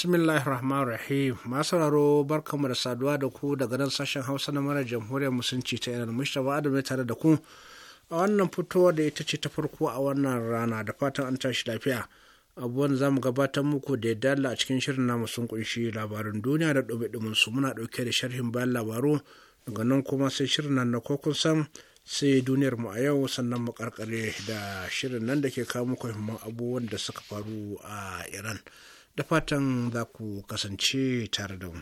bismillahir rahmanir rahim masu sauraro da saduwa da ku daga nan sashen hausa na mara jamhuriyar musulunci ta iran mustapha adam tare da ku a wannan fitowa da ita ce ta farko a wannan rana da fatan an tashi lafiya abubuwan za mu gabatar muku da yadda a cikin shirin namu sun kunshi labarin duniya da ɗumin su muna ɗauke da sharhin bayan labaru daga nan kuma sai shirin nan na kun san sai duniyar mu a yau sannan mu karkare da shirin nan da ke kawo muku himman abubuwan da suka faru a iran da fatan za ku kasance tare da mu.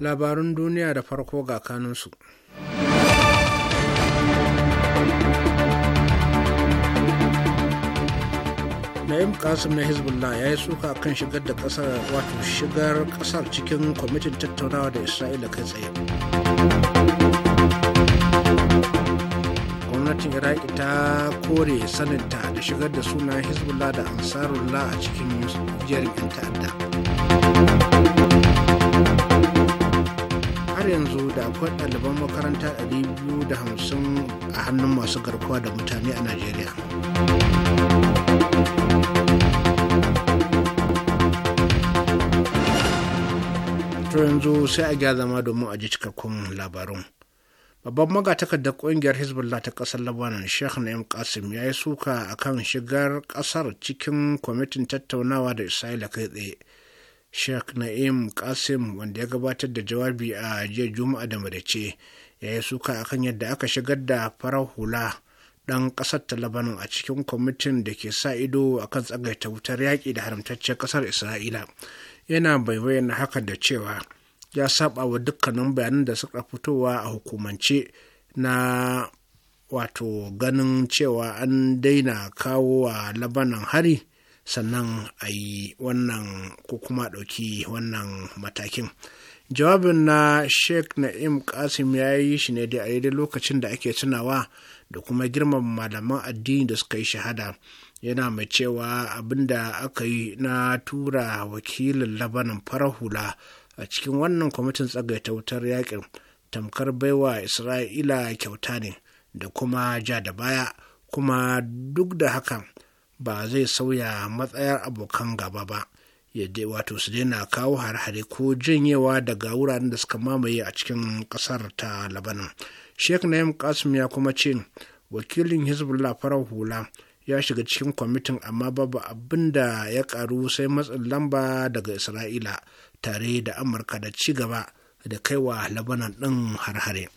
Labarun duniya da farko ga kanunsu. ibrahim kasim na hezbollah ya yi suka kan shigar da kasar wato shigar kasar cikin kwamitin tattaunawa da isra'ila kai tsaye gwamnatin iraki ta kore saninta da shigar da suna hezbollah da ansarullah a cikin jirgin ta'adda har yanzu da akwai ɗaliban makaranta 250 a hannun masu garkuwa da mutane a najeriya to yanzu sai a gya zama domin a ji cikakkun labarun. Babban magatakardar ƙungiyar Hezbollah ta ƙasar Lebanon Sheikh Na'im Qasim ya yi suka akan shigar kasar cikin kwamitin tattaunawa da Isra'ila kai tsaye. Sheikh Na'im Qasim wanda ya gabatar da jawabi a jiya Juma'a da Madace ya yi suka akan yadda aka shigar da farar hula ɗan kasar ta Lebanon a cikin kwamitin da ke sa ido akan tsagaita wutar yaƙi da haramtacciyar kasar Isra'ila. yana bayyana haka da cewa ya saba wa dukkanin bayanan da suka fitowa a hukumance na wato ganin cewa an daina kawo wa labanan hari sannan a yi wannan ko kuma ɗauki wannan matakin jawabin na sheikh na'im kasim ya yi shi ne da a lokacin da ake tunawa da kuma girmama malaman addini da suka yi shahada yana mai cewa abin da aka yi na tura wakilin labanan farar hula a cikin wannan kwamitin tsagaita wutar yakin tamkar baiwa isra'ila kyauta ne da kuma ja da baya kuma duk da haka, ba zai sauya matsayar abokan gaba ba yadda wato su daina kawo har-hare ko janyewa daga wuraren da suka mamaye a cikin kasar ta labanan sheikh na'im kasim ya kuma ce wakilin hezbollah farar hula ya shiga cikin kwamitin amma babu abin da ya karu sai matsin lamba daga isra'ila tare da amurka da ci gaba da kaiwa labanan ɗin har-hare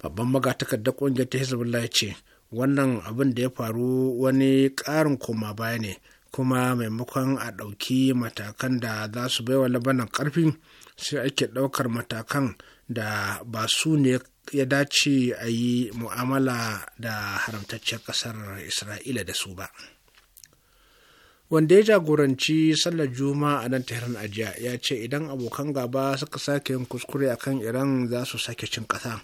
babban magatakardar ƙungiyar ta hezbollah ya ce wannan abin da ya faru wani ƙarin koma baya ne kuma maimakon a ɗauki matakan da za su baiwa labanan ƙarfi sai ake ɗaukar matakan da ba su ne ya dace a yi mu'amala da haramtaccen ƙasar isra'ila da su ba wanda ya jagoranci sallar juma'a a nan tehran ajiya ya ce idan abokan gaba suka sake yin kuskure a kan iran za su sake cin ƙasa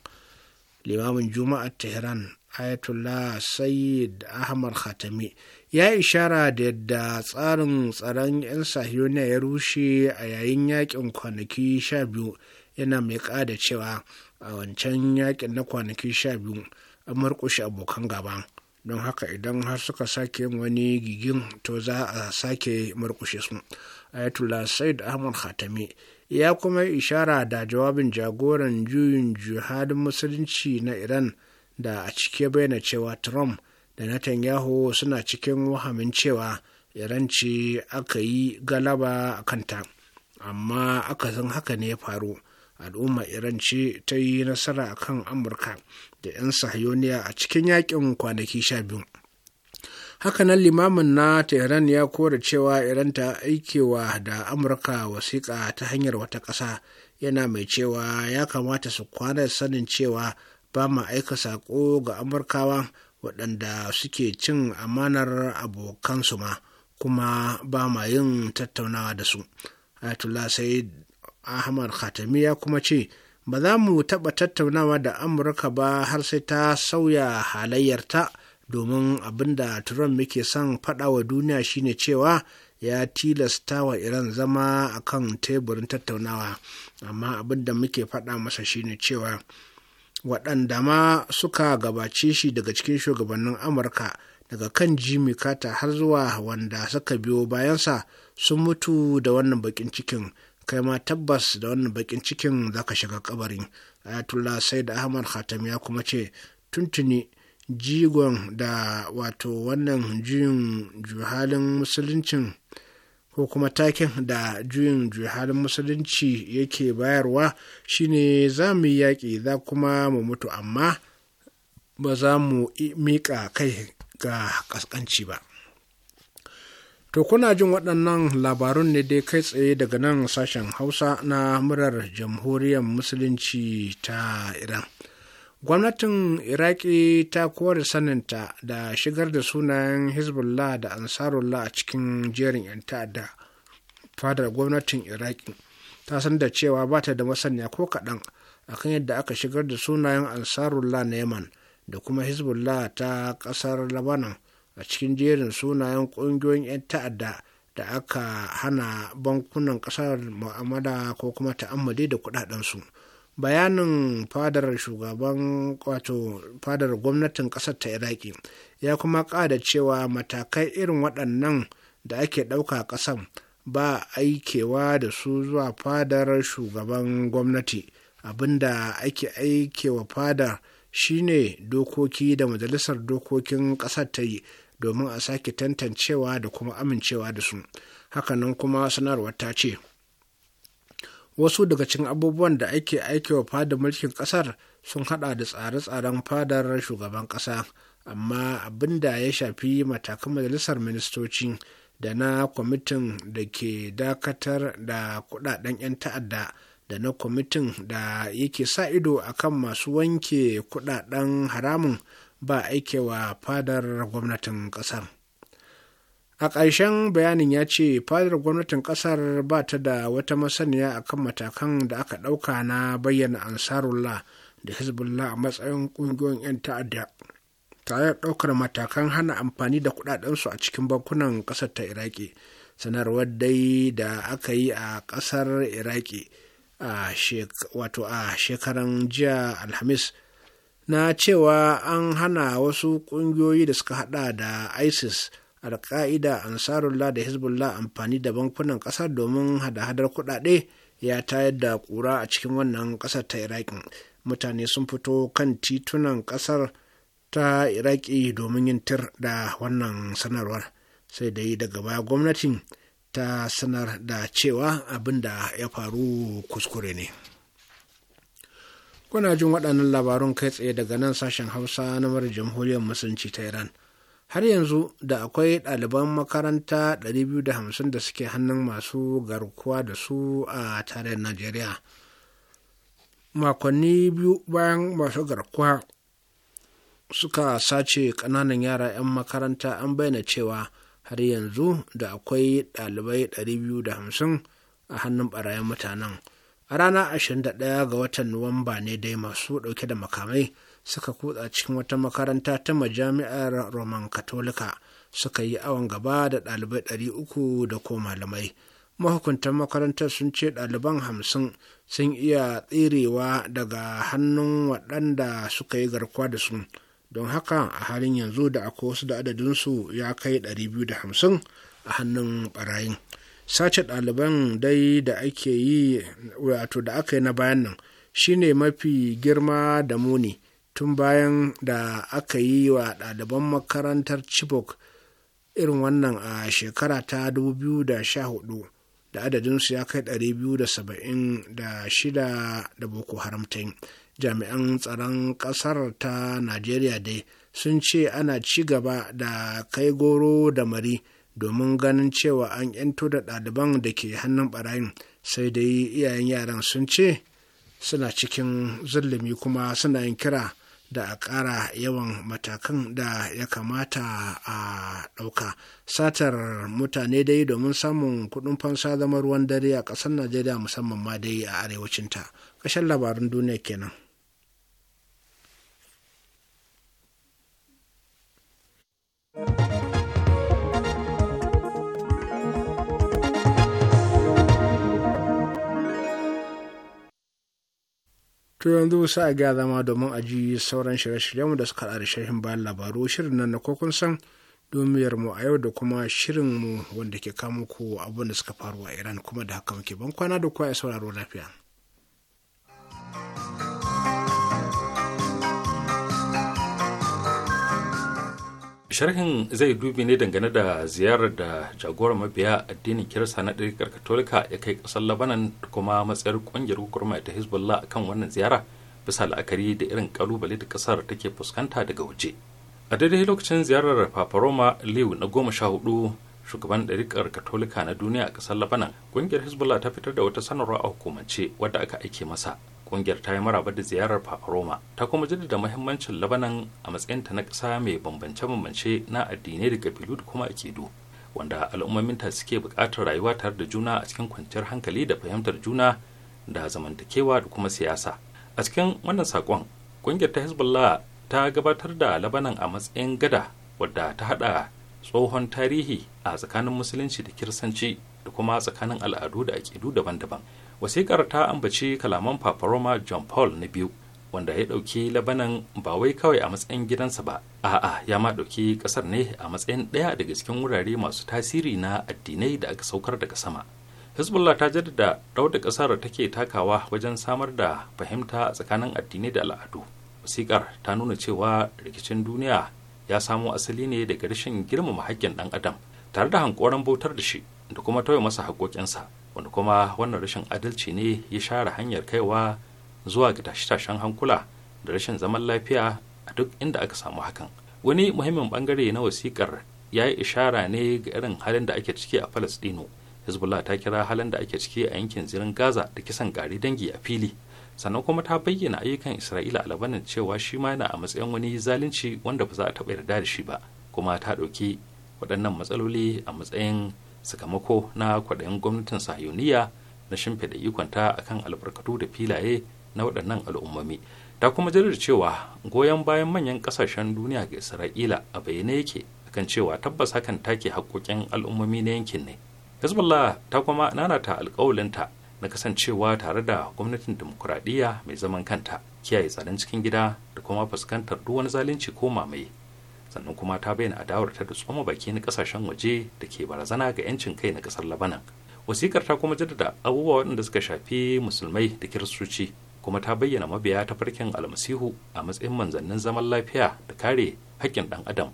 limamin juma'a tehran ayatollah sayyid ahmad khatami ya ishara da yadda tsarin tsaron 'yan sahiyoniya ya rushe a yayin yakin kwanaki sha biyu yana mai ƙada cewa a wancan yakin na kwanaki sha biyu an murƙushe abokan gaba don haka idan har suka sake wani gigin to za a sake murƙushe su ayatollah said ahmad khatami ya kuma ishara da jawabin jagoran juyin jihadin musulunci na iran da a cike bayyana cewa trump da netanyahu suna cikin wahamin cewa iran ce aka yi galaba a kanta amma akasin haka ne ya faru al'umma iran ce ta yi nasara a kan amurka da 'yan sahayoniya a cikin yakin kwanaki sha biyu hakanan limamin na tehran ya kora cewa iran ta aikewa da amurka wasiƙa ta hanyar wata ƙasa yana mai cewa ya kamata su kwana sanin cewa ba ma aika saƙo ga amurkawa waɗanda suke cin amanar abokansu ma kuma ba ma yin tattaunawa da su ayatollah sai ahmad khatami ya kuma ce ba za mu taɓa tattaunawa da amurka ba har sai ta sauya halayyarta domin abin da trump muke son faɗawa wa duniya shine cewa ya tilasta wa iran zama a kan teburin tattaunawa amma abin da muke faɗa masa shine cewa waɗanda ma suka gabace shi daga cikin shugabannin amurka daga kan jimmy carter har zuwa wanda suka biyo bayansa sun mutu da wannan bakin cikin kai ma tabbas da wannan bakin cikin zaka shiga kabarin ayatullah said ahmad khatam ya kuma ce tuntuni jigon da wato wannan juyin juhalin musuluncin ko kuma takin da juyin juhalin musulunci yake bayarwa shine za mu yi yaƙi za kuma mu mutu amma ba za mu miƙa kai ga ƙasƙanci ba. To kuna jin waɗannan labarun ne dai kai tsaye daga nan sashen Hausa na murar jamhuriyar Musulunci ta Iran. Gwamnatin Iraki ta kowar saninta da shigar da sunayen Hezbollah da Ansarullah a cikin jerin 'yan ta'adda. Fadar gwamnatin Iraki ta san da cewa ba ta da masaniya ko kaɗan akan yadda aka shigar da sunayen Ansarullah na Yaman da kuma Hezbollah ta ƙasar Labanan a cikin jerin sunayen ƙungiyoyin 'yan ta'adda da aka hana bankunan ƙasar mu'amala ko kuma ta'ammali da kuɗaɗensu bayanin fadar shugaban wato fadar gwamnatin ƙasar ta iraki ya kuma ƙada cewa matakai irin waɗannan da ake ɗauka ƙasan ba aikewa da su zuwa fadar shugaban gwamnati abinda ake aikewa fadar shine dokoki da majalisar dokokin ƙasar ta yi domin a sake tantancewa da kuma amincewa da su hakanan kuma sanarwar ta ce wasu daga cikin abubuwan da ake aikewa fada mulkin kasar sun hada da tsare-tsaren fadar shugaban kasa amma abin da ya shafi matakan majalisar ministoci da na kwamitin da ke dakatar da kudaden 'yan ta'adda da na kwamitin da yake sa ido akan masu wanke kudaden haramun ba aikewa fadar gwamnatin kasar. a ƙarshen bayanin ya ce fadar gwamnatin kasar ba ta da wata masaniya akan matakan da aka ɗauka na bayyana ansarullah da hezbollah a matsayin ƙungiyoyin 'yan ta'adda tare da ɗaukar matakan hana amfani da kuɗaɗensu a cikin bankunan ƙasar ta iraki sanarwar dai da aka yi a ƙasar iraki a shekaran jiya alhamis na cewa an hana wasu ƙungiyoyi da suka hada da isis alka'ida ansarullah da hezbollah amfani da bankunan ƙasar domin hada-hadar kuɗaɗe ya tayar da ƙura a cikin wannan ƙasar ta iraki mutane sun fito kan titunan ƙasar ta iraki domin yin tir da wannan sanarwar sai dai daga baya gwamnatin ta sanar da cewa abin da ya faru kuskure ne. kuna jin waɗannan labarun kai tsaye daga nan sashen hausa na mara jamhuriyar musulunci ta iran har yanzu da akwai ɗaliban makaranta 250 da suke hannun masu garkuwa da su a tarayyar najeriya makonni biyu bayan masu garkuwa suka sace ƙananan yara 'yan makaranta an bayyana cewa har yanzu da akwai ɗalibai 250 a hannun ɓarayin mutanen a ranar 21 ga watan nuwamba ne dai masu dauke da makamai suka kutsa cikin wata makaranta ta majami'ar roman katolika suka yi awon gaba da ɗalibai uku da ko malamai mahukuntan makarantar sun ce ɗaliban hamsin sun iya tserewa daga hannun waɗanda suka yi garkuwa da su don haka a halin yanzu da akwai wasu da adadinsu ya kai 250 a hannun barayin. sace ɗaliban dai da ake yi wato da aka yi na bayan nan shine mafi girma da muni tun bayan da aka yi wa ɗaliban makarantar chibok irin wannan a shekara ta 2014 da adadinsu ya kai 276 da boko haramtai jami'an tsaron ƙasar ta najeriya dai sun ce ana ci gaba da kai goro da mari domin ganin cewa an yanto da ɗaliban da ke hannun barayin sai dai iyayen yaran sun ce suna cikin zulumi kuma suna yin kira da a ƙara yawan matakan da ya kamata a ɗauka satar mutane dai domin samun kuɗin fansa zama ruwan dare a ƙasar najeriya musamman ma dai a arewacinta ƙashin labarin duniya kenan To yanzu sa a gaya zama domin a ji sauran shirye-shiryenmu da suka da sharhin bayan labaru shirin nan na kokun san domiyar mu a yau da kuma shirin mu wanda ke kamo ku abin da suka faru a Iran kuma da haka muke ban kwana da kowa ya sauraro lafiya. sharhin zai dubi ne dangane da ziyarar da jagorar mabiya addinin kirista na ɗarikar katolika ya kai ƙasar labanan kuma matsayar ƙungiyar hukumar ta hezbollah akan wannan ziyara bisa la'akari da irin kalubale da ƙasar take fuskanta daga waje a daidai lokacin ziyarar paparoma liu na goma sha hudu shugaban ɗarikar katolika na duniya a ƙasar labanan ƙungiyar hezbollah ta fitar da wata sanarwa a hukumance wadda aka aike masa kungiyar ta yi maraba da ziyarar papa roma ta kuma jaddada muhimmancin labanan a matsayinta na ƙasa mai bambance-bambance na addinai da kabilu da kuma akidu wanda al'ummominta suke buƙatar rayuwa tare da juna a cikin kwanciyar hankali da fahimtar juna da zamantakewa da kuma siyasa a cikin wannan saƙon kungiyar ta hezbollah ta gabatar da labanan a matsayin gada wadda ta haɗa tsohon tarihi a tsakanin musulunci da kirsanci da kuma tsakanin al'adu da akidu daban-daban wasikar ta ambaci kalaman paparoma john paul na biyu wanda ya ɗauki labanan ba wai kawai a matsayin gidansa ba a'a ya ma ɗauki ƙasar ne a matsayin ɗaya daga cikin wurare masu tasiri na addinai da aka saukar daga sama hezbollah ta jaddada da ƙasar take takawa wajen samar da fahimta tsakanin addinai da al'adu wasikar ta nuna cewa rikicin duniya ya samo asali ne daga rashin girmama haƙƙin ɗan adam tare da hankoran bautar da shi da kuma tauye masa haƙoƙinsa wanda kuma wannan rashin adalci ne ya share hanyar kaiwa zuwa ga tashe-tashen hankula da rashin zaman lafiya a duk inda aka samu hakan wani muhimmin bangare na wasikar ya yi ishara ne ga irin halin da ake ciki a falastino hezbollah ta kira halin da ake ciki a yankin zirin gaza da kisan gari dangi a fili sannan kuma ta bayyana ayyukan isra'ila a labanin cewa shi ma yana a matsayin wani zalunci wanda ba za a taɓa yarda da shi ba kuma ta ɗauki waɗannan matsaloli a matsayin sakamako na kwaɗayin gwamnatin sahiyoniya na shimfiɗa ikonta akan albarkatu da filaye na waɗannan al'ummomi ta kuma jaddada cewa goyon bayan manyan ƙasashen duniya ga isra'ila a bayyane yake kan cewa tabbas hakan take haƙƙoƙin al'ummomi na yankin ne hezbollah ta kuma ta alƙawalinta na kasancewa tare da gwamnatin dimokuraɗiyya mai zaman kanta kiyaye tsaron cikin gida da kuma fuskantar duk wani zalunci ko mamaye sannan kuma ta bayyana adawarta da tsoma baki na kasashen waje da ke barazana ga 'yancin kai na kasar labanan wasikar ta kuma jaddada abubuwa waɗanda suka shafi musulmai da kiristoci kuma ta bayyana mabiya ta farkin almasihu a matsayin manzannin zaman lafiya da kare haƙƙin ɗan adam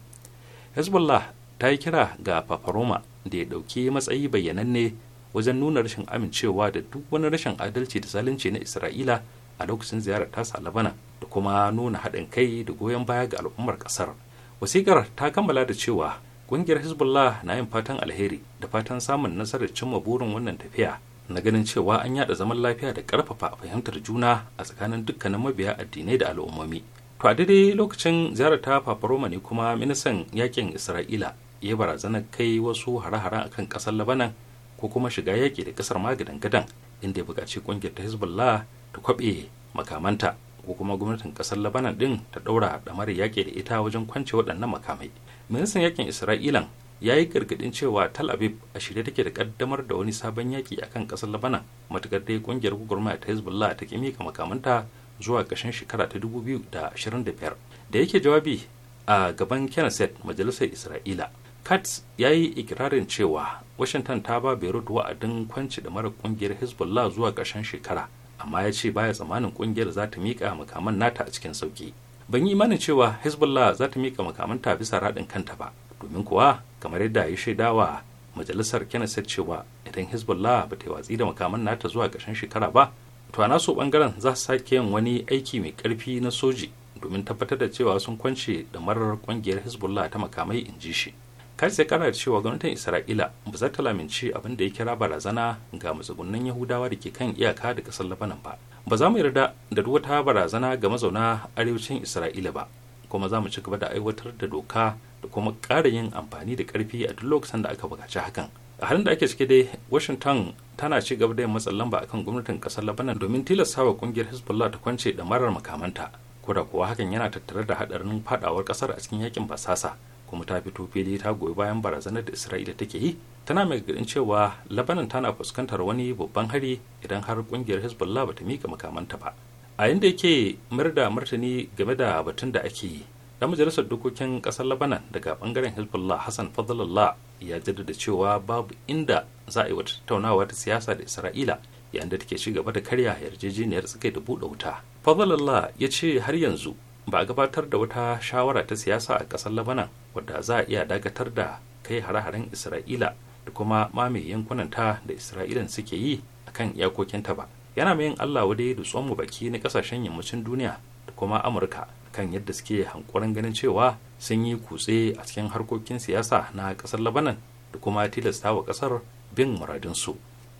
hezbollah ta yi kira ga fafaroma da ya ɗauki matsayi bayyananne wajen nuna rashin amincewa da duk wani rashin adalci da zalunci na isra'ila a lokacin ziyarar tasa labana da kuma nuna haɗin kai da goyon baya ga al'ummar ƙasar wasikar ta kammala da cewa ƙungiyar hezbollah na yin fatan alheri da fatan samun nasarar cimma burin wannan tafiya na ganin cewa an yada zaman lafiya da ƙarfafa fahimtar juna a tsakanin dukkanin mabiya addinai da al'ummomi to a daidai lokacin ziyarar ta fafaroma ne kuma ministan yakin isra'ila ya barazana kai wasu hare-hare akan ƙasar labanan ko kuma shiga yaƙi da ƙasar magadan gadan inda ya buƙaci ƙungiyar ta hezbollah ta kwaɓe makamanta ko kuma gwamnatin kasar labanan din ta daura damar yaƙi da ita wajen kwance waɗannan makamai ministan yakin isra'ilan ya yi gargaɗin cewa tel aviv a shirye take da ƙaddamar da wani sabon yaƙi akan kasar labanan matuƙar dai kungiyar gwagwarmaya ta hezbollah ta kimika makamanta zuwa ƙarshen shekara ta 2025 da yake jawabi a gaban kenneth majalisar isra'ila katz ya yi ikirarin cewa washington ta ba beirut wa'adin kwanci da mara ƙungiyar hezbollah zuwa ƙarshen shekara amma ya ce baya tsammanin kungiyar za ta mika makaman nata a cikin sauki ban yi imanin cewa hezbollah za ta mika makamanta bisa raɗin kanta ba domin kuwa kamar yadda ya shaida wa majalisar kenneth cewa idan hezbollah ba ta yi watsi da makaman nata zuwa ƙarshen shekara ba to a naso bangaren za su sake yin wani aiki mai ƙarfi na soji domin tabbatar da cewa sun kwance da marar kungiyar hezbollah ta makamai in ji shi kai sai kana cewa gwamnatin isra'ila ba za ta lamince abin da ya kira barazana ga matsugunan yahudawa da ke kan iyaka da kasar labanan ba ba za mu yarda da duk wata barazana ga mazauna arewacin isra'ila ba kuma za mu ci gaba da aiwatar da doka da kuma ƙara yin amfani da ƙarfi a duk lokacin da aka buƙaci hakan a halin da ake cike dai washington tana ci gaba da yin matsin lamba akan gwamnatin kasar labanan domin tilastawa ƙungiyar hezbollah ta kwance da marar makamanta ko da kuwa hakan yana tattare da haɗarin fadawar kasar a cikin yakin basasa kuma ta fito fili ta goyi bayan barazanar da isra'ila take yi tana mai gargadin cewa labanan tana fuskantar wani babban hari idan har kungiyar hezbollah bata mika makamanta ba a inda yake murda da martani game da batun da ake yi dan majalisar dokokin kasar labanan daga bangaren hezbollah hassan fadlallah ya jaddada cewa babu inda za a yi wata tattaunawa ta siyasa da isra'ila yayin da take ci gaba da karya yarjejeniyar tsakai da buɗe wuta fadlallah ya ce har yanzu ba a gabatar da wata shawara ta siyasa a ƙasar labanan wadda za a iya dakatar da kai hare-haren isra'ila da kuma mamaye ta da isra'ilan suke yi a kan iyakokinta ba yana mayin Allah allah wadai da mu baki na ƙasashen yammacin duniya da kuma amurka kan yadda suke hankurin ganin cewa sun yi kutse a cikin harkokin siyasa na ƙasar labanan da kuma tilasta wa ƙasar bin muradinsu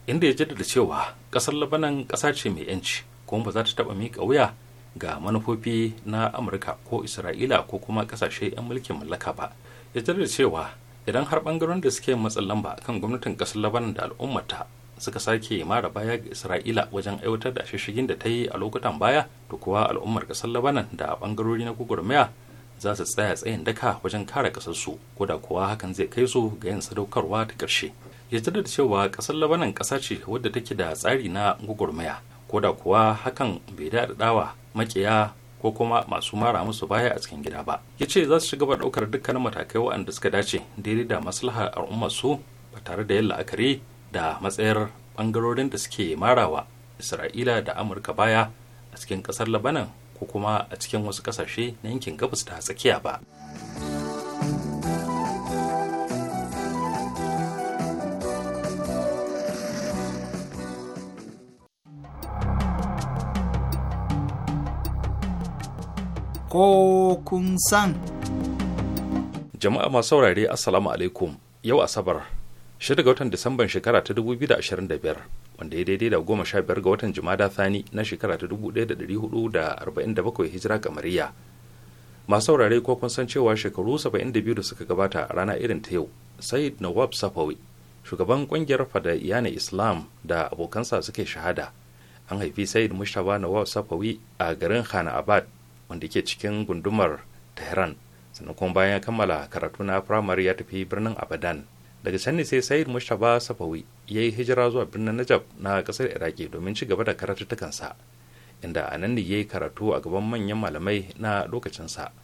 inda ya jaddada cewa ƙasar labanan ƙasa ce mai yanci kuma ba za ta taɓa miƙa wuya ga manufofi na amurka ko isra'ila ko kuma kasashe 'yan mulkin mallaka ba ya da cewa idan har bangaren da suke matsin lamba kan gwamnatin kasar labanan da al'ummata suka sake mara baya ga isra'ila wajen aiwatar da shishigin da ta yi a lokutan baya to kuwa al'ummar kasar labanan da bangarori na gwagwarmaya za su tsaya tsayin daka wajen kare kasarsu ko da kuwa hakan zai kai su ga yin sadaukarwa ta karshe ya da cewa kasar labanan ƙasa ce wadda take da tsari na gwagwarmaya ko da kuwa hakan bai wa makiya ko kuma masu mara musu baya a cikin gida ba ya ce za su gaba ɗaukar dukkanin matakai waɗanda suka dace daidai da maslahar al'ummar su ba tare da yin la'akari da matsayar ɓangarorin da suke marawa isra'ila da amurka baya a cikin ƙasar labanan ko kuma a cikin wasu ƙasashe na yankin gabas ta tsakiya ba. ko kun san. Jama'a masu saurare Assalamu alaikum yau Asabar shida ga watan Disamban shekara ta 2025 wanda ya daidai da goma sha biyar ga watan Jumada Thani na shekara ta 1447 hijira kamariya. Masu saurare ko kun san cewa shekaru 72 da suka gabata a rana irin ta yau Said Nawab Safawi shugaban kungiyar fadaiyana Islam da abokansa suke shahada an haifi Said Mushtaba Nawab Safawi a garin Hana Abad wanda ke cikin gundumar tehran sannan kuma bayan ya kammala karatu na firamare ya tafi birnin abadan daga can ne sai sayid mushaba safawi ya yi hijira zuwa birnin najab na kasar iraki domin ci gaba da karatuttukansa inda a nan ne ya yi karatu a gaban manyan malamai na lokacinsa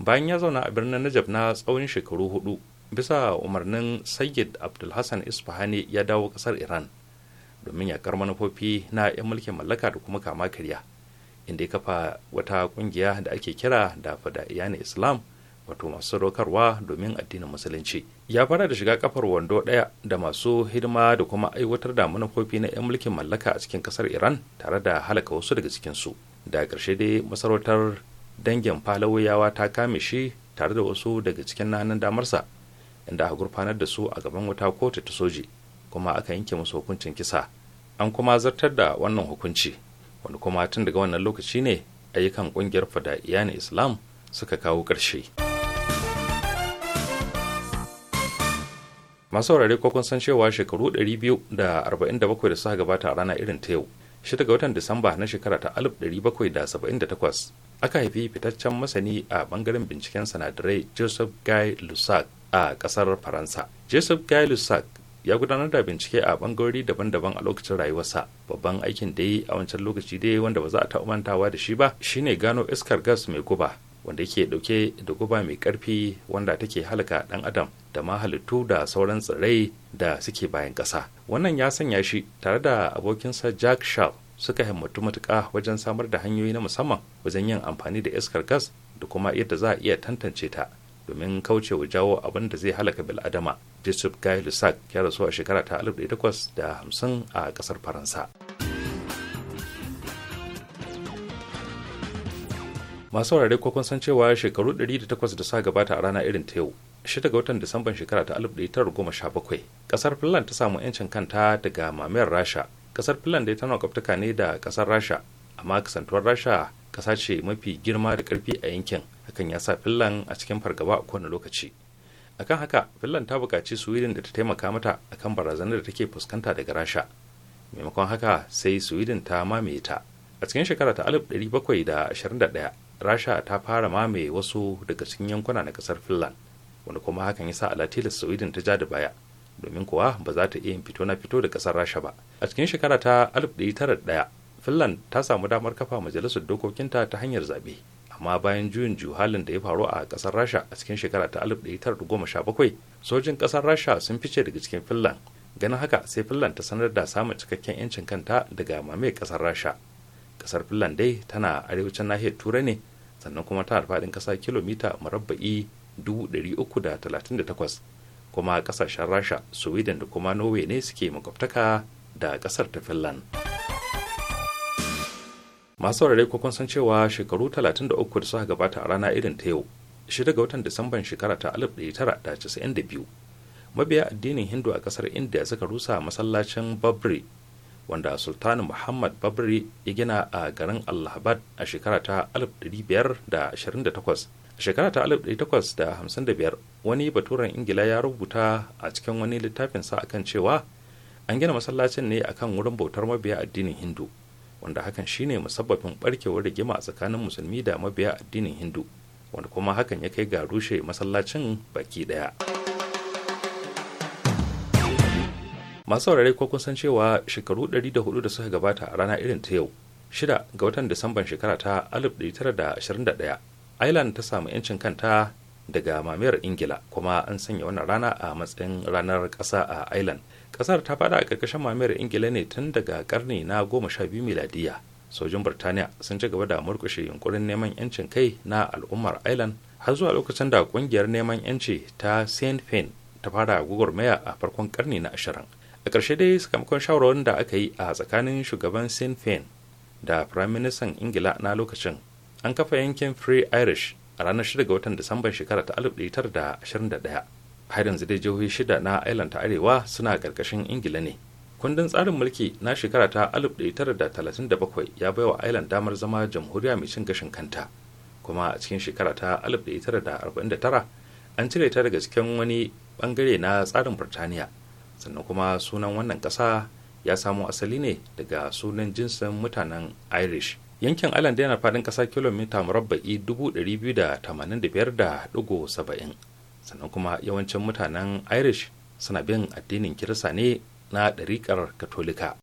bayan ya zauna a birnin najab na tsawon shekaru hudu bisa umarnin sayyid abdulhassan isfahani ya dawo kasar iran domin yakar manufofi na 'yan mulkin mallaka da kuma kama karya inda ya kafa wata kungiya da ake kira da fada'iyan islam wato masu sadaukarwa domin addinin musulunci ya fara da shiga kafar wando daya da masu hidima da kuma aiwatar da manufofi na 'yan mulkin mallaka a cikin kasar iran tare da halaka wasu daga cikinsu da ƙarshe dai masarautar dangin falawayawa ta kame shi tare da wasu daga cikin nanan damarsa inda aka gurfanar da su a gaban wata kotu ta soji kuma aka yanke musu hukuncin kisa an kuma zartar da wannan hukunci wanda kuma tun daga wannan lokaci ne ayyukan kungiyar fada'iya na islam suka kawo ƙarshe masu wurare ko kun san cewa shekaru 247 da suka gabata a rana irin ta yau shi daga watan Disamba na shekara ta 1778 aka haifi fitaccen masani a bangaren binciken sanadarai Joseph Guy lusac a kasar Faransa. Joseph Guy lusac ya gudanar da bincike a bangarori daban-daban a lokacin rayuwarsa babban aikin da yi a wancan lokaci dai wanda ba za a taɓa mantawa da shi ba shine gano iskar gas mai guba wanda yake dauke da guba mai karfi wanda take halaka dan adam da ma halittu da sauran tsirrai da suke bayan ƙasa wannan ya sanya shi tare da abokinsa jack shaw suka himmatu matuka wajen samar da hanyoyi na musamman wajen yin amfani da iskar gas da kuma yadda za a iya tantance ta domin kauce wa jawo abin da zai halaka bil'adama jisub guy lusac ya rasu a shekara ta 1850 a kasar faransa masu wurare kwakwan kun san cewa shekaru 108 da sa gabata a rana irin ta yau 6 ga watan disamban shekara ta 1917 kasar finland ta samu 'yancin kanta daga mamayar rasha kasar finland dai tana kwaftuka ne da kasar rasha amma kasantuwar rasha kasa ce mafi girma da karfi a yankin hakan ya sa finland a cikin fargaba a kowane lokaci akan haka fillan ta buƙaci sweden da ta taimaka mata akan barazanar da take fuskanta daga rasha maimakon haka sai sweden ta mamaye ta a cikin shekara ta 1721 rasha ta fara mamaye wasu daga cikin yankuna na kasar finlan wanda kuma hakan ya sa alatila sweden ta ja da baya domin kuwa ba za ta iya fito na fito da kasar rasha ba a cikin shekara ta 1901 finland ta samu damar kafa majalisar dokokinta ta hanyar zaɓe amma bayan juyin halin da ya faru a kasar rasha a cikin shekara ta 1917 sojin kasar rasha sun fice daga cikin finland ganin haka sai finland ta sanar da samun cikakken 'yancin kanta daga mamaye kasar rasha kasar finland dai tana arewacin nahiyar turai ne sannan kuma tana da faɗin ƙasa kilomita marabba'i 338 kuma ƙasashen rasha sweden da kuma norway ne suke makwabtaka da ƙasar ta finland masu saurare ko kun san cewa shekaru 33 da suka gabata a rana irin ta yau shida ga watan disamban shekara ta 1992 mabiya addinin hindu a kasar india suka rusa masallacin babri wanda sultan muhammad babri ya gina a garin allahabad a shekara ta 1528 a shekara ta 1855 wani baturen ingila ya rubuta a cikin wani littafinsa akan cewa an gina masallacin ne akan wurin bautar mabiya addinin hindu wanda hakan shine musabbabin barkewar rigima a tsakanin musulmi da mabiya addinin hindu wanda kuma hakan ya kai ga rushe masallacin baki daya masu saurare ko kun san cewa shekaru 104 da suka gabata a rana irin ta yau shida ga watan disamban shekara ta 1921 ireland ta samu 'yancin kanta daga mamayar ingila kuma an sanya wannan rana a matsayin ranar ƙasa a ireland kasar ta fada a ƙarƙashin mamayar ingila ne tun daga karni na goma sha biyu miladiya sojin birtaniya sun ci gaba da murkushe yunkurin neman yancin kai na al'ummar ireland har zuwa lokacin da kungiyar neman yanci ta saint fin ta fara gugurmaya a farkon karni na ashirin a ƙarshe dai sakamakon shawarwarin da aka yi a tsakanin shugaban saint fin da firaministan ingila na lokacin an kafa yankin free irish a ranar shida ga watan disamban shekara ta 1921 har yanzu dai jihohi shida na Ireland ta Arewa suna ƙarƙashin Ingila ne. Kundin tsarin mulki na shekara ta 1937 ya baiwa Ireland damar zama jamhuriya mai cin gashin kanta. Kuma a cikin shekara ta 1949 an cire ta daga cikin wani bangare na tsarin Birtaniya. Sannan kuma sunan wannan ƙasa ya samo asali ne daga sunan jinsin mutanen Irish. yankin island yana faɗin ƙasa kilomita murabba'i 285.70 sannan kuma yawancin mutanen irish suna bin addinin kirista ne na ɗariƙar katolika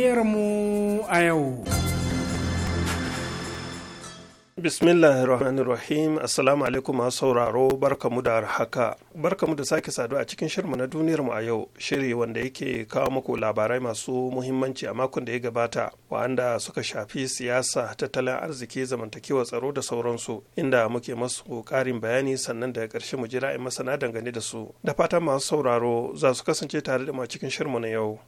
mu a yau. Bismillahir Assalamu alaikum masu sauraro barkamu da haka barkamu da sake saduwa a cikin shirmu na mu a yau shiri wanda yake kawo muku labarai masu muhimmanci a makon da ya gabata wanda suka shafi siyasa tattalin arziki zamantakewa tsaro da sauransu inda muke masu ƙarin bayani sannan daga ƙarshe mu jira in masana dangane da su da fatan masu sauraro za su kasance tare da mu a cikin shirmu na yau.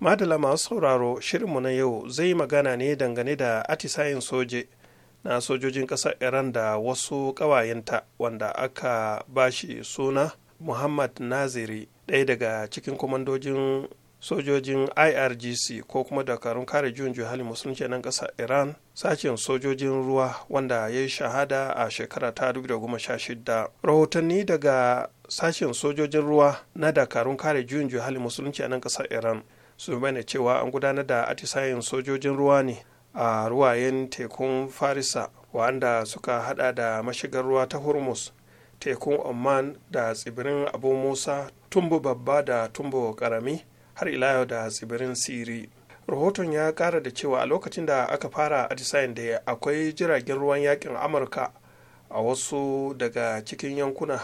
madala masu sauraro shirinmu na yau zai magana ne dangane da atisayin soje na sojojin ƙasar iran da wasu ƙawayenta wanda aka bashi suna muhammad naziri ɗaya daga cikin komandojin sojojin irgc ko kuma dakarun kare juyin juhali musulunci nan ƙasar iran sashen sojojin ruwa wanda ya yi shahada a shekara ta 2016 rahotanni daga sashen sojojin ruwa na dakarun kare juyin juhali musulunci nan ƙasar iran sun bayyana cewa an gudanar da atisayen sojojin ruwa ne a ruwayen tekun farisa wanda suka hada da mashigar ruwa ta hormuz tekun oman da tsibirin abu musa tumbu babba da tumbu karami har ila yau da tsibirin siri rahoton ya kara da cewa a lokacin da aka fara atisayen da akwai jiragen ruwan yakin amurka a wasu daga cikin yankuna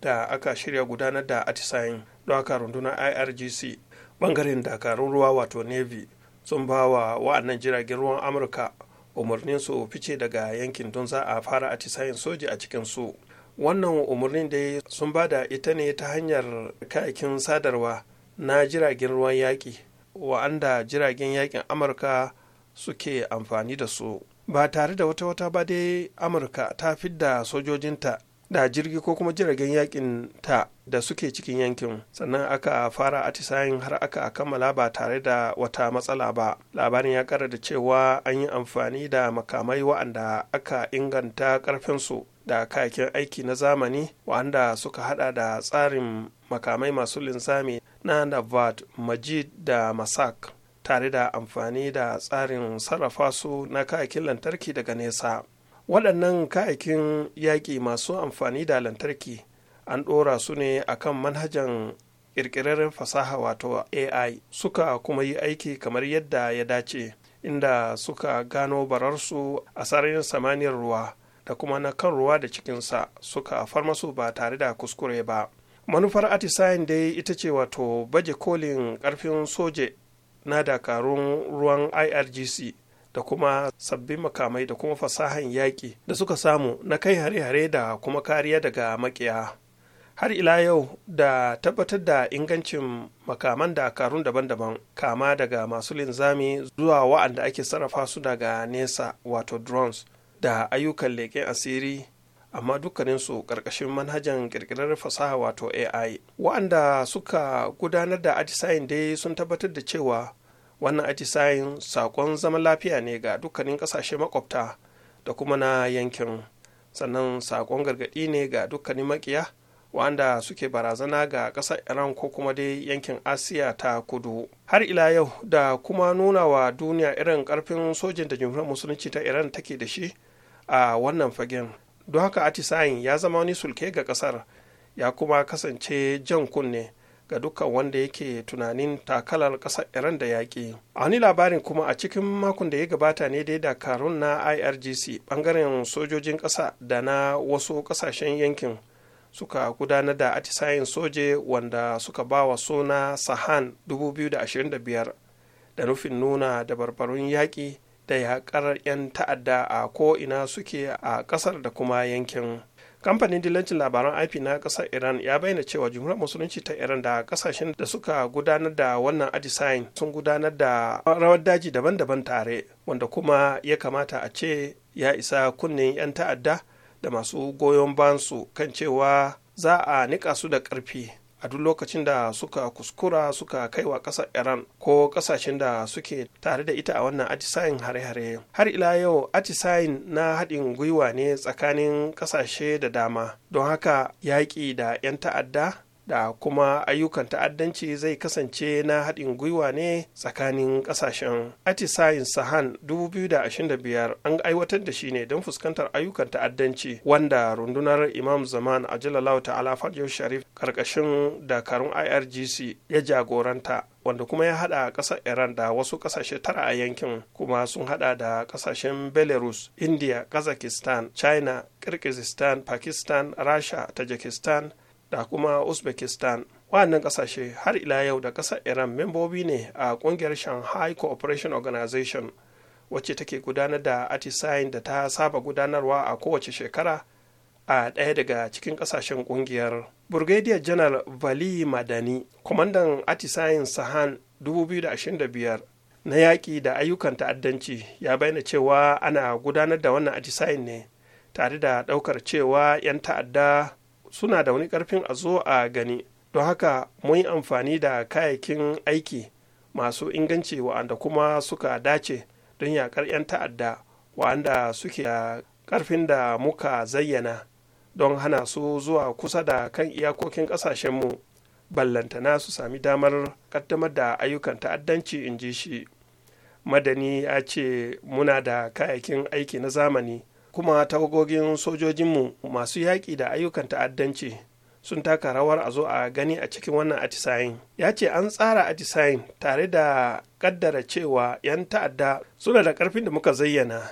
da aka shirya gudanar da atisayen don haka rundunar irgc bangaren dakarun ruwa wato navy sun ba wa wa'annan jiragen ruwan amurka umarnin su fice daga yankin don za a fara atisayen soji a cikin su wannan umarnin da sun ba da ita ne ta hanyar kayakin sadarwa na jiragen ruwan yaƙi wa'anda jiragen yaƙin amurka suke amfani da su ba tare da wata wata ba dai amurka ta fidda sojojinta da jirgi ko kuma jiragen yakin ta da suke cikin yankin sannan aka fara atisayin har aka kammala ba tare da wata matsala ba labarin ya kara da cewa an yi amfani da makamai wa'anda aka inganta karfinsu da kayakin aiki na zamani wa'anda suka hada da tsarin makamai masu linsami na navad majid da masak tare da amfani da tsarin sarrafa su na kayakin lantarki daga nesa waɗannan ka'aikin yaƙi masu amfani da lantarki an ɗora su ne akan manhajan ƙirƙirarren fasaha wato ai suka kuma yi aiki kamar yadda ya dace inda suka gano bararsu a sararin samaniyar ruwa da kuma na kan ruwa da cikinsa suka su ba tare da kuskure ba manufar atisayen dai ita ce wato baje kolin ƙarfin soje na dakarun ruwan irgc da kuma sabbin makamai da kuma fasahan yaƙi da suka samu na kai hare-hare da kuma kariya daga makiya har ila yau da tabbatar da ingancin makaman dakarun daban-daban kama daga masu linzami zuwa wa'anda ake sarrafa su daga nesa wato drones da ayyukan leƙen asiri amma dukkaninsu ƙarƙashin manhajan ƙirƙirar fasaha wato ai wa'anda suka gudanar da atisayin dai sun tabbatar da cewa wannan atisayin sakon zaman lafiya ne ga dukkanin kasashe makwabta da kuma na yankin sannan sakon gargadi ne ga dukkanin makiya wanda suke barazana ga ƙasar iran ko kuma dai yankin asiya ta kudu har ila yau da kuma nuna wa duniya irin karfin sojin da jimhuriyar musulunci ta iran take da shi a wannan fagen don haka atisayin ya zama wani sulke ga ƙasar ya kuma kasance jan kunne ga dukkan wanda yake tunanin takalar ƙasar iran da yaƙi a wani labarin kuma a cikin makon da ya gabata ne dai dakarun na irgc ɓangaren sojojin ƙasa da na wasu ƙasashen yankin suka gudanar da atisayen soje wanda suka ba wa suna sahan 2025 da nufin nuna dabarbarun yaƙi da yaƙar 'yan ta'adda a ko'ina suke a ƙasar da kuma yankin kamfanin dilancin labaran ip na kasar iran ya bayyana cewa jumhuriyar musulunci ta iran da kasashen da suka gudanar da wannan adisayin sun gudanar da rawar daji daban-daban tare wanda kuma ya kamata a ce ya isa kunnen 'yan ta'adda da masu goyon bansu kan cewa za a nika su da ƙarfi a duk lokacin da suka kuskura suka kaiwa ƙasar iran ko ƙasashen da suke tare da ita a wannan atisayin hare-hare har ila yau atisayin na haɗin gwiwa ne tsakanin ƙasashe da dama don haka yaƙi da 'yan ta'adda da kuma ayyukan ta'addanci zai kasance na haɗin gwiwa ne tsakanin ƙasashen atisayin sahan 2025 an aiwatar da shi ne don fuskantar ayyukan ta'addanci wanda rundunar imam zaman a jalalau ta'ala yau sharif ƙarƙashin dakarun irgc ya jagoranta wanda kuma ya hada kasar iran da wasu kasashe tara a yankin kuma sun hada da kasashen belarus india kazakistan china kirgizistan pakistan rasha tajikistan da kuma uzbekistan waɗannan ƙasashe har ila yau da ƙasar iran membobi ne a ƙungiyar shanghai cooperation organization wacce take gudanar da atisayin da ta saba gudanarwa a kowace shekara a ɗaya daga cikin ƙasashen ƙungiyar brigadier general vali madani kwamandan atisayin sahan 2025 na yaƙi da ayyukan ta'addanci ya bayyana cewa ana gudanar da wannan atisayin ne tare da ɗaukar cewa 'yan ta'adda suna da wani karfin a zo a gani don haka mun yi amfani da kayayyakin aiki masu inganci wa'anda kuma suka dace don yaƙar 'yan ta'adda wa'anda suke da ƙarfin da muka zayyana don hana su zuwa kusa da kan iyakokin ƙasashenmu ballantana su sami damar ƙaddamar da ayyukan ta'addanci in ji shi madani ya ce muna da kayayyakin aiki na zamani kuma tagogogin sojojinmu masu yaƙi da ayyukan ta'addanci sun taka rawar a zo a gani a cikin wannan atisayin ya ce an tsara atisayin tare da ƙaddara cewa 'yan ta'adda suna da ƙarfin da muka zayyana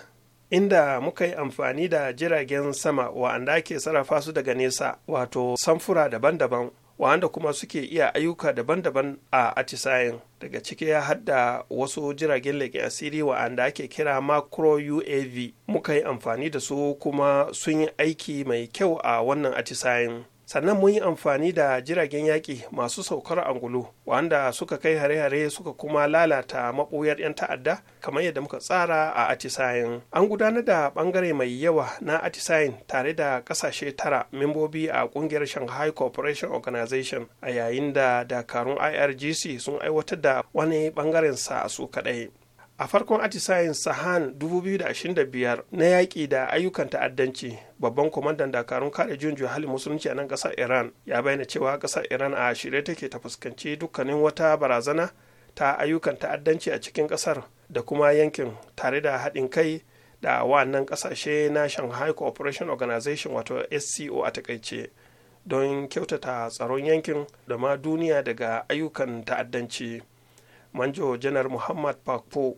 inda muka yi amfani da jiragen sama wa'anda ke sarrafa su daga nesa wato samfura daban-daban wanda kuma suke iya ayyuka daban-daban a atisayen daga ciki ya hada wasu jiragen leƙen asiri wa'anda ake kira macro uav muka yi amfani da su kuma sun yi aiki mai kyau a wannan atisayen sannan mun yi amfani da jiragen yaƙi masu saukar angulu wanda suka kai hare-hare suka kuma lalata maɓoyar 'yan ta'adda kamar yadda muka tsara a atisayen an gudanar da ɓangare mai yawa na atisayen tare da ƙasashe tara membobi a ƙungiyar shanghai cooperation organization a yayin da dakarun irgc sun aiwatar da wani ɓangaren sa su kaɗai a farkon atisayen sahan 2025 na yaƙi da ayyukan ta'addanci babban kwamandan dakarun kare junju halin musulunci a nan ƙasar iran ya bayyana cewa ƙasar iran a shirye take ta fuskanci dukkanin wata barazana ta ayyukan ta'addanci a cikin ƙasar da kuma yankin tare da haɗin kai da wannan ƙasashe na shanghai cooperation organization wato sco a takaice don kyautata tsaron yankin da ma duniya daga ayyukan ta'addanci manjo janar muhammad pakpo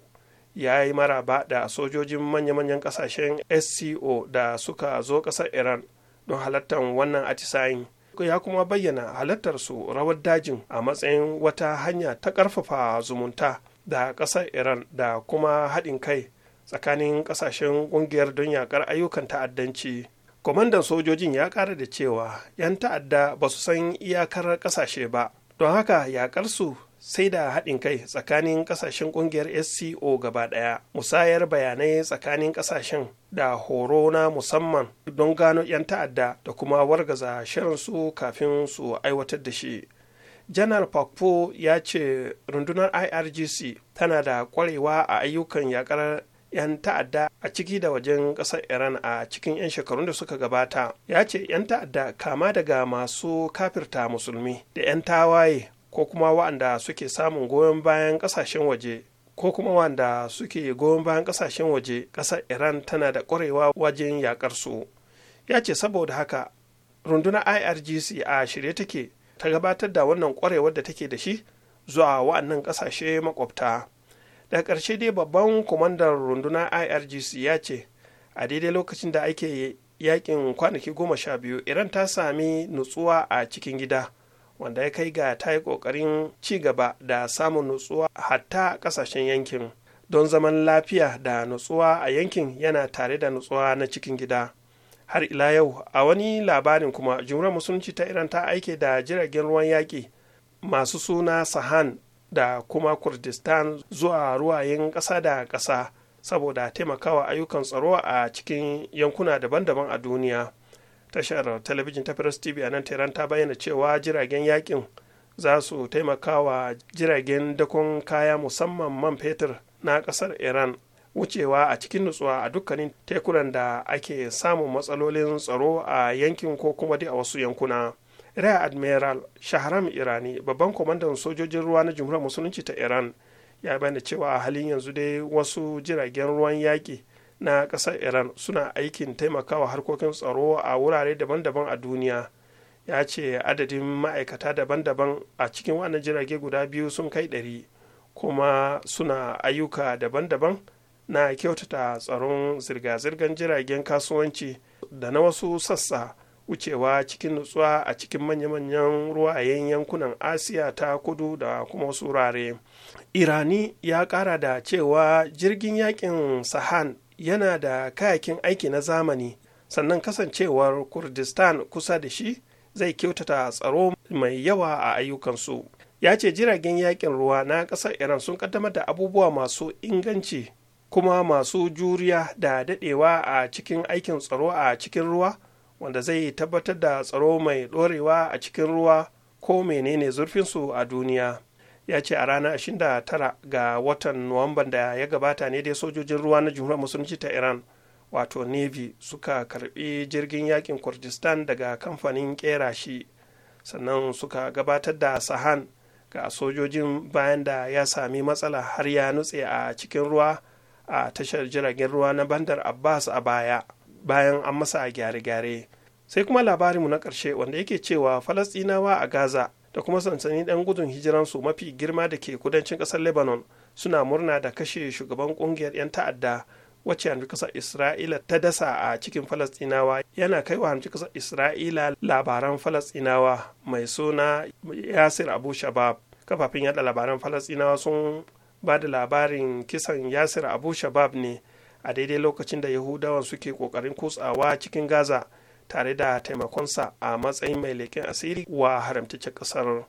ya yi maraba da sojojin manya-manyan kasashen sco da suka zo kasar iran don halartar wannan atisayin ya kuma bayyana halartarsu rawar dajin a matsayin wata hanya ta ƙarfafa zumunta da ƙasar iran da kuma haɗin kai tsakanin ƙasashen ƙungiyar don yaƙar ayyukan ta'addanci kwamandan sojojin ya ƙara da cewa 'yan ta'adda ba su san iyakar ƙasashe ba don haka yaƙarsu sai da haɗin kai tsakanin ƙasashen ƙungiyar sco gaba ɗaya musayar bayanai tsakanin ƙasashen da horo na musamman don gano 'yan ta'adda da kuma wargaza su kafin su aiwatar da shi janar pakpo ya ce rundunar irgc tana da ƙwarewa a ayyukan yakar 'yan ta'adda a ciki da wajen ƙasar iran a cikin 'yan shekarun da suka gabata ya ce 'yan ta'adda kama daga masu kafirta musulmi da 'yan tawaye ko kuma wa'anda suke samun goyon bayan ƙasashen waje ko kuma wanda suke goyon bayan kasashen waje ƙasar iran tana da ƙwarewa wajen yakar su ya ce saboda haka rundunar irgc a shirye take ta gabatar da wannan ƙwarewar da take da shi zuwa wa'annan ƙasashe makwabta daga ƙarshe dai babban kwamandan rundunar irgc ya ce a daidai lokacin da ake yakin kwanaki goma sha biyu iran ta sami nutsuwa a cikin gida wanda ya kai ga ta yi ƙoƙarin ci gaba da samun nutsuwa hatta ƙasashen yankin don zaman lafiya da nutsuwa a yankin yana tare da nutsuwa na cikin gida har ila yau a wani labarin kuma jumhuriyar musulunci ta iran ta aike da jiragen ruwan yaƙi masu suna sahan da kuma kurdistan zuwa ruwayen ƙasa da ƙasa saboda taimakawa ayyukan tsaro a cikin yankuna daban-daban a duniya tashar talabijin ta press tv a nan tehran ta bayyana cewa jiragen yakin za su taimaka wa jiragen dakon kaya musamman man fetur na kasar iran wucewa a cikin nutsuwa a dukkanin tekunan da ake samun matsalolin tsaro a yankin ko kuma dai a wasu yankuna rear admiral shahram irani babban kwamandan sojojin ruwa na jumhuriyar musulunci ta iran ya bayyana cewa a halin yanzu dai wasu jiragen ruwan yaki na ƙasar iran suna aikin taimakawa harkokin tsaro a wurare daban-daban a duniya ya ce adadin ma'aikata daban-daban a cikin wannan jirage guda biyu sun kai ɗari kuma suna ayyuka daban-daban na kyautata tsaron zirga-zirgar jiragen kasuwanci da na wasu sassa wucewa cikin nutsuwa a cikin manya-manyan ruwayen yankunan asiya ta kudu da kuma wasu wurare irani ya kara da cewa jirgin yakin sahan yana da kayakin aiki na zamani sannan kasancewar kurdistan kusa da shi zai kyautata tsaro mai yawa a ayyukansu ya ce jiragen yakin ruwa na kasar iran sun kaddamar da abubuwa masu inganci kuma masu juriya da dadewa a cikin aikin tsaro a cikin ruwa wanda zai tabbatar da tsaro mai dorewa a cikin ruwa ko menene zurfinsu a duniya ya ce a ranar 29 ga watan nuwamban da ya gabata ne dai sojojin ruwa na jumhuriyar musulunci ta iran wato navy suka karbi jirgin yakin kurdistan daga kamfanin kera shi sannan suka gabatar da sahan ga sojojin bayan da ya sami matsala har ya nutse a cikin ruwa a tashar jiragen ruwa na bandar abbas a baya bayan an masa gyare-gyare sai kuma labarinmu na ƙarshe wanda yake cewa falasɗinawa a gaza da kuma sansanin ɗan gudun hijiransu mafi girma da ke kudancin ƙasar lebanon suna murna da kashe shugaban ƙungiyar 'yan ta'adda wacce hamci ƙasar isra'ila ta dasa a cikin falastinawa yana kai wa hamci ƙasar isra'ila labaran falastinawa mai suna yasir abu shabab kafafen yada labaran falastinawa sun ba da labarin kisan yasir abu shabab ne a daidai lokacin da yahudawan suke kokarin kutsawa cikin gaza tare da taimakonsa a matsayin mai leƙen asiri wa haramtaccen ƙasar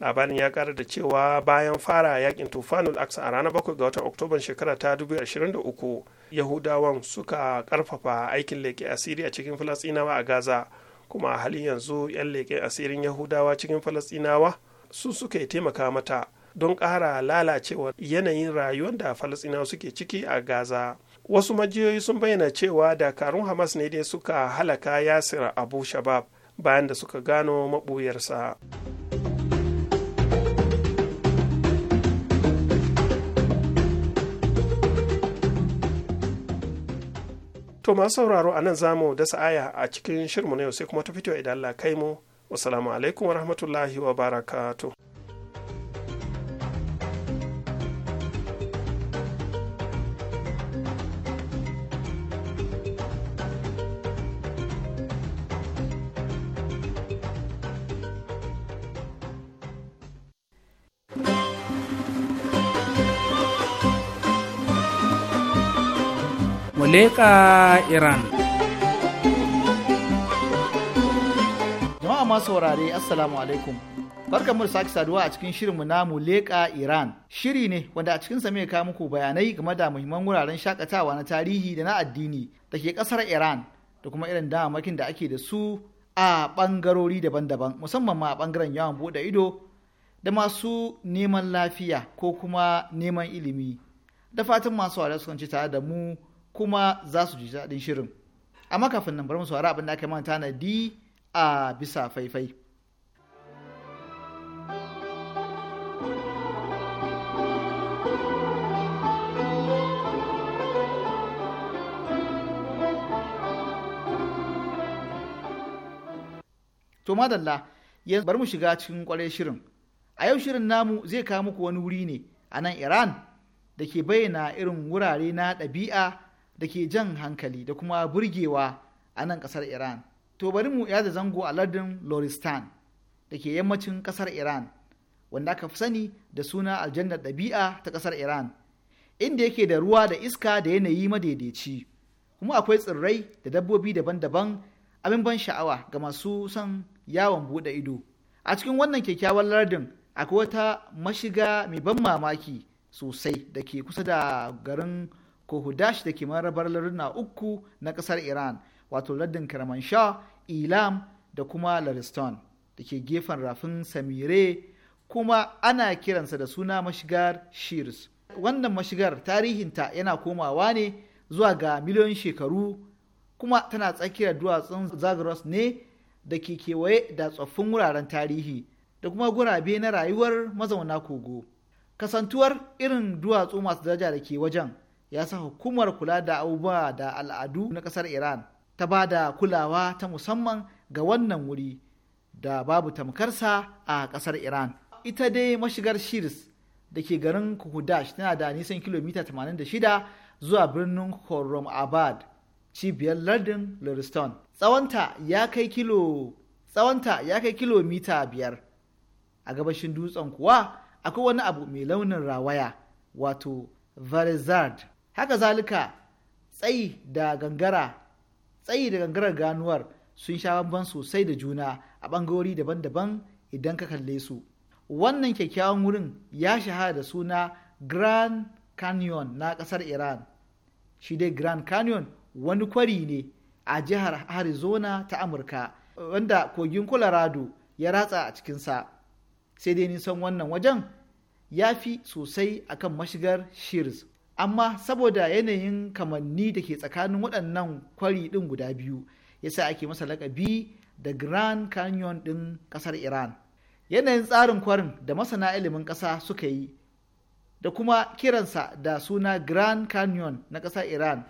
labarin ya kara da cewa bayan fara yakin tufanul aksa a ranar 7 ga watan oktoban shekara ta 2023 yahudawan suka karfafa aikin leƙe asiri a cikin falasinawa a gaza kuma a halin yanzu 'yan leƙen asirin yahudawa cikin falasinawa su suka taimaka mata don ƙara lalacewa yanayin rayuwar da falasinawa suke ciki a gaza wasu majiyoyi sun bayyana cewa dakarun hamas ne dai suka halaka yasir abu shabab bayan da suka gano maɓuyarsa. To masu sauraro a nan zamu mu dasa aya a cikin shirmu na yau sai kuma ta fito idan Allah kai mu. Wasalamu alaikum wa rahmatullahi wa barakatuh. leƙa Iran. Jama'a masu saurare Assalamu alaikum. barka da sake saduwa a cikin shirinmu na Muleka Iran. Shiri ne wanda a cikinsa mai kawo muku bayanai game da muhimman wuraren shakatawa na tarihi da na addini da ke kasar Iran da kuma irin damamakin da ake da su a bangarori daban-daban musamman ma a bangaren yawon bude ido da masu neman lafiya ko kuma neman ilimi. Da fatan masu wada sukan tare da mu kuma za su ji daɗin shirin amma kafin nan bari mu saurari abin da aka manta na di a bisa faifai To madalla yanzu bari mu shiga cikin kwarai shirin. A yau shirin namu zai kawo muku wani wuri ne a nan Iran da ke bayyana irin wurare na ɗabi'a da ke jan hankali da kuma burgewa a nan kasar Iran. To bari mu yada zango a lardin Loristan da ke yammacin kasar Iran wanda aka fi sani da suna aljannar ɗabi'a ta kasar Iran inda yake da ruwa da iska da yanayi madaidaici kuma akwai tsirrai da dabbobi daban-daban abin ban sha'awa ga masu son yawon buɗe ido. A cikin wannan kyakkyawan lardin akwai wata mashiga mai ban mamaki sosai da ke kusa da garin Kohudash da ke marabar larduna uku na ƙasar Iran, wato lardin sha Ilam da kuma Lariston da ke gefen rafin Samire kuma ana kiransa da suna mashigar shears. Wannan mashigar tarihinta yana komawa ne zuwa ga miliyoyin shekaru kuma tana tsakiyar duwatsun Zagros ne da ke kewaye da tsoffin wuraren tarihi da kuma gurabe na rayuwar mazauna kogo. Kasantuwar irin duwatsu masu daraja da ke wajen ya sa hukumar kula da abubuwa da al'adu na ƙasar iran ta ba da kulawa ta musamman ga wannan wuri da babu tamkarsa a ƙasar iran ita dai mashigar shirs da ke garin kuhudash tana da nisan kilomita 86 zuwa birnin khorram abad cibiyar lardin lurston tsawonta ya kai kilomita biyar a gabashin dutsen kuwa akwai wani abu mai launin rawaya wato verizard haka zalika tsayi da gangara tsayi da gangarar ganuwar sun sha bamban sosai da juna a ɓangarori daban-daban idan ka kalle su wannan kyakkyawan wurin ya shahara da suna grand canyon na ƙasar iran shi dai grand canyon wani kwari ne a jihar arizona ta amurka wanda kogin colorado ya ratsa a cikinsa sai dai nisan wannan wajen ya fi sosai akan mashigar shears amma saboda yanayin kamanni da ke tsakanin waɗannan kwari ɗin guda biyu ya yasa ake masa lakabi da grand canyon ɗin ƙasar iran yanayin tsarin kwarin da masana ilimin ƙasa suka yi da kuma kiransa da suna grand canyon na ƙasar iran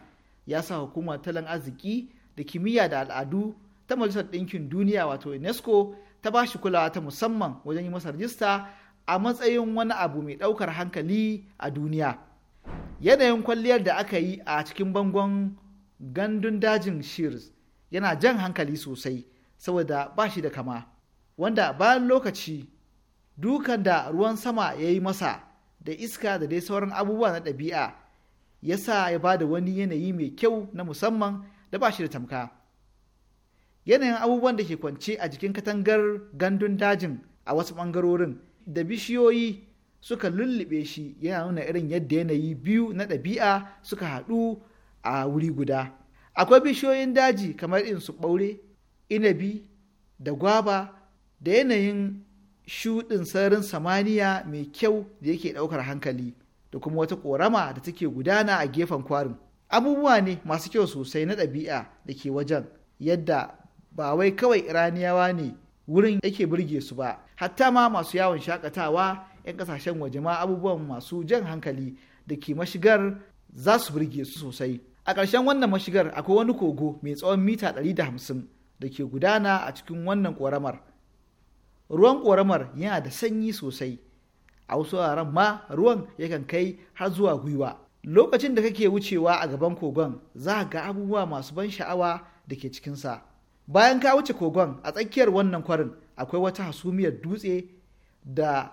ya sa hukumar talan arziki da kimiyya da al'adu ta majalisar ɗinkin duniya wato unesco ta ba shi kulawa ta musamman wajen yi masa rajista a matsayin wani abu mai ɗaukar hankali a duniya yanayin kwalliyar da aka yi a cikin bangon gandun dajin shears yana jan hankali sosai saboda ba shi da kama wanda bayan lokaci dukan da ruwan sama ya yi masa da iska da dai sauran abubuwa na ɗabi'a ya sa ya ba da wani yanayi mai kyau na musamman da ba shi da tamka yanayin abubuwan da ke kwance a jikin katangar gandun dajin a wasu ɓangarorin da bishiyoyi suka lullube shi yana nuna irin yadda yanayi biyu na ɗabi'a suka haɗu a wuri guda akwai bishiyoyin daji kamar in su ɓaure inabi da gwaba da yanayin shuɗin sararin samaniya mai kyau da yake ɗaukar hankali da kuma wata ƙorama da take gudana a gefen kwarin abubuwa ne masu kyau sosai na ɗabi'a da ke wajen yadda ba wai kawai iraniyawa ne wurin yake burge su ba hatta ma masu yawon shakatawa 'yan kasashen waje ma abubuwan masu jan hankali da ke mashigar za su burge su sosai a ƙarshen wannan mashigar akwai wani kogo mai tsawon mita 150 da ke gudana a cikin wannan ƙoramar ruwan ƙoramar yana da sanyi sosai a wasu wuraren ma ruwan yakan kai har zuwa gwiwa lokacin da kake wucewa a gaban kogon za ga abubuwa masu ban sha'awa da ke cikinsa bayan ka wuce kogon a tsakiyar wannan kwarin akwai wata hasumiyar dutse da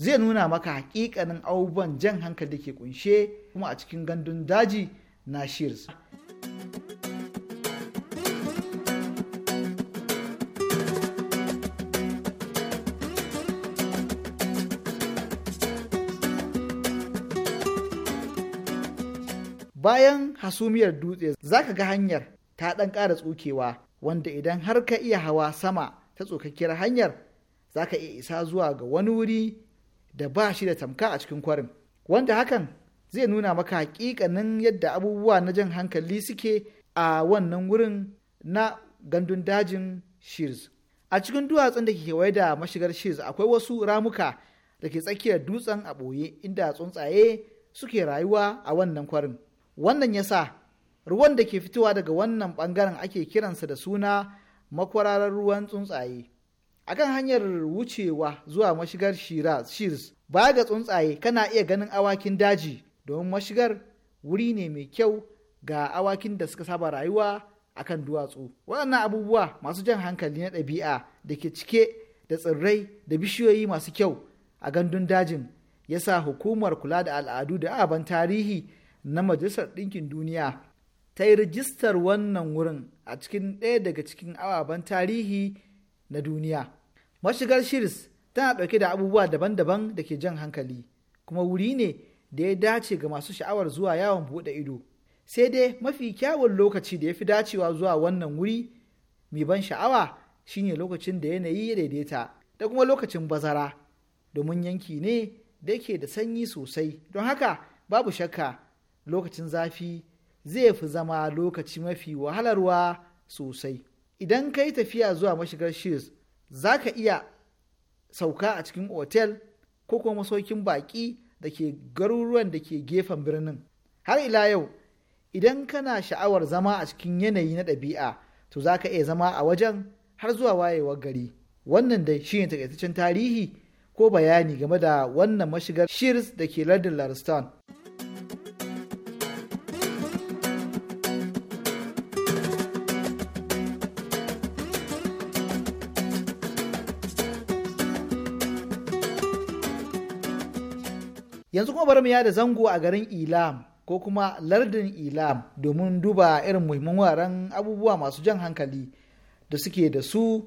zai nuna maka hakikanin abubuwan jan hankali ke kunshe kuma a cikin gandun daji na shears bayan hasumiyar dutse za ka ga hanyar ta dan ƙara tsukewa wanda idan har ka iya hawa sama ta tsokakkiyar hanyar za ka iya isa zuwa ga wani wuri da ba shi da tamka a cikin kwarin wanda hakan zai nuna maka hakikanin yadda abubuwa na jan hankali suke a wannan wurin na gandun dajin shears a cikin duwatsun da ke kewaye da mashigar shears akwai wasu ramuka da ke tsakiyar dutsen a ɓoye inda tsuntsaye suke rayuwa a wannan kwarin wannan ya sa ruwan da ke fitowa daga wannan ɓangaren ake kiransa da suna makwararar ruwan tsuntsaye a kan hanyar wucewa zuwa mashigar shirs baya ga tsuntsaye kana iya ganin awakin daji domin mashigar wuri ne mai kyau ga awakin da suka saba rayuwa a kan duwatsu waɗannan abubuwa masu jan hankali na ɗabi'a da ke cike da tsirrai da bishiyoyi masu kyau a gandun dajin ya sa hukumar kula da al'adu da aban tarihi na majalisar ɗinkin duniya ta yi rijistar wannan wurin a cikin ɗaya daga cikin ababen tarihi na duniya mashigar shirs tana ɗauke da abubuwa daban-daban da ke jan hankali kuma wuri ne da ya dace ga masu sha'awar zuwa yawon buɗe ido sai dai mafi kyawun lokaci da ya fi dacewa zuwa wannan wuri mai ban sha'awa shine lokacin da yanayi ya daidaita da kuma lokacin bazara domin yanki ne da ke da sanyi sosai don haka babu shakka lokacin zafi zai fi zama lokaci mafi wahalarwa sosai idan ka yi tafiya zuwa mashigar shirs za ka iya sauka a cikin otel ko kuma masaukin baƙi da ke garuruwan da ke gefen birnin har ila yau idan kana sha'awar zama a cikin yanayi na ɗabi'a to za ka iya zama a wajen har zuwa wayewar gari wannan da shine takaitaccen tarihi ko bayani game da wannan mashigar shirs da ke lardin larstone yanzu kuma bari mu yada zango a garin ilam ko kuma lardin ilam domin duba irin muhimman wuraren abubuwa masu jan hankali da suke da su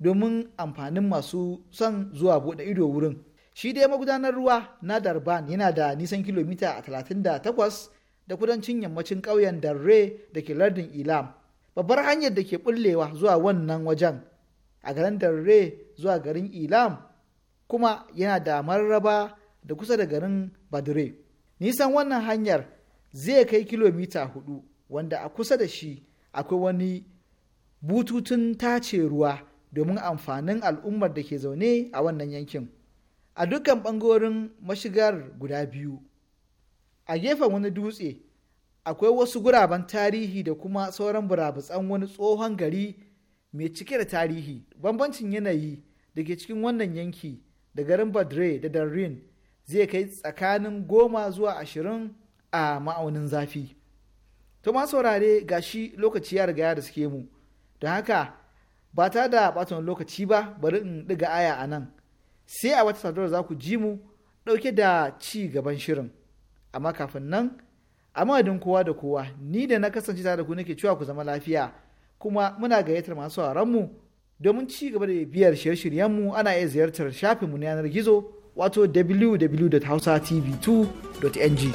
domin amfanin masu son zuwa bude ido wurin shi dai magudanar ruwa na darban yana da nisan kilomita 38 da kudancin yammacin ƙauyen darre da ke lardin ilam babbar hanyar da ke bullewa zuwa wannan wajen a garin darre zuwa garin ilam kuma yana da mararraba da kusa da garin badire nisan wannan hanyar zai kai kilomita hudu wanda a kusa da shi akwai wani bututun tace ruwa domin amfanin al'ummar da ke zaune a wannan yankin a dukkan bangorin mashigar guda biyu a gefen wani dutse akwai wasu guraben tarihi da kuma sauran burabutsan wani tsohon gari mai cike da tarihi bambancin yanayi da ke cikin wannan yanki da garin badre da darin zai kai tsakanin goma zuwa ashirin a ma'aunin zafi to ma saurare ga shi lokaci ya riga da suke mu don haka ba ta da batun lokaci ba bari in ɗiga aya a nan sai a wata sadar za ku ji mu ɗauke da ci gaban shirin amma kafin nan a madadin kowa da kowa ni da na kasance tare da ku nake cewa ku zama lafiya kuma muna gayyatar masu mu domin ci gaba da biyar shirye shiryen mu, ana iya ziyartar shafinmu na yanar gizo wato www.hausatv2.ng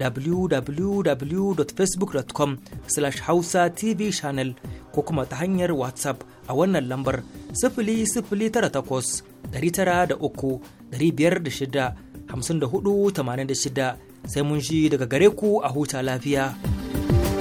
www.facebook.com slash hausa tv channel ko kuma ta hanyar whatsapp a wannan lambar takwas, tara da da shida, da hudu, tamanin da shida, sai mun shi daga gare ku a huta lafiya.